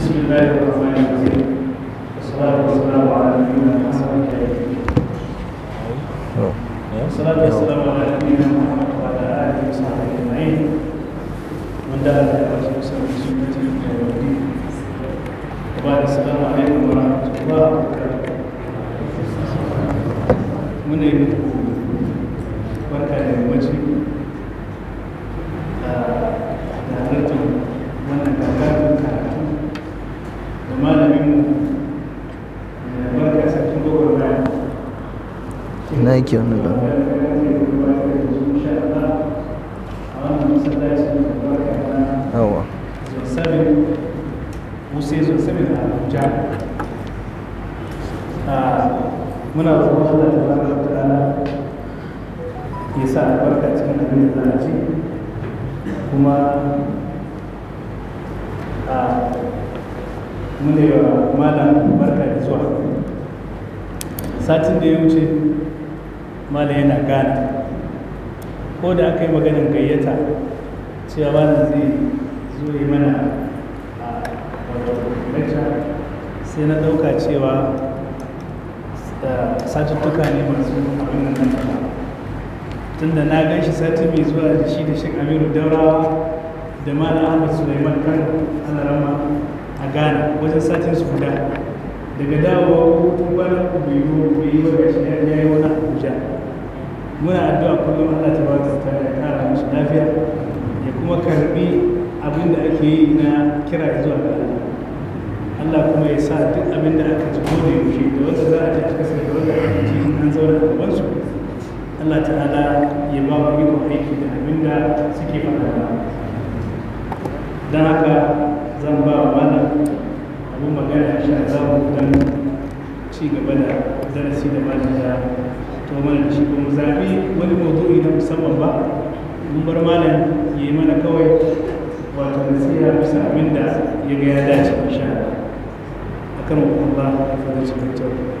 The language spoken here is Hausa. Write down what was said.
بسم الله الرحمن الرحيم والصلاة والسلام على نبينا محمد والصلاة والسلام على نبينا محمد وعلى آله وصحبه أجمعين ومن دعا بدعوته وسلم بسنته إلى يوم الدين وبعد السلام عليكم ورحمة الله وبركاته من يملكه بركة ina yake wannan da yawa da ya sa albarka cikin abin da za a kuma a mune wa malam barka da zuwa satin da ya wuce mala yana gana ko da aka yi maganin gayyata cewa malam zai zo yi mana a lecture sai na ɗauka cewa satuttuka ne masu abin nan tun da na gan shi sati mai zuwa da shi da shin amiru daurawa da mana ahmad suleiman kan alarama a ghana wajen satin su guda daga dawowa ko kuma biyu ko yi wa gashi ya yi muna addu'a kullum Allah ta baka ta kara musu lafiya ya kuma karbi abin da ake yi na kira zuwa ga Allah Allah kuma ya sa duk abin da aka ci da yaushe da wanda za a ci a da wanda aka an zauna da gaban su Allah ta'ala ya ba mu iko aiki da abin da suke faɗa dan haka zan ba wa malam abin magana insha Allah ci gaba da darasi da malam ya to mana da shi kuma zabi wani mawdu'i na musamman ba mun bar malam ya yi mana kawai wato nasiha bisa abin da ya ga ya dace insha Allah akan Allah ya fara cikin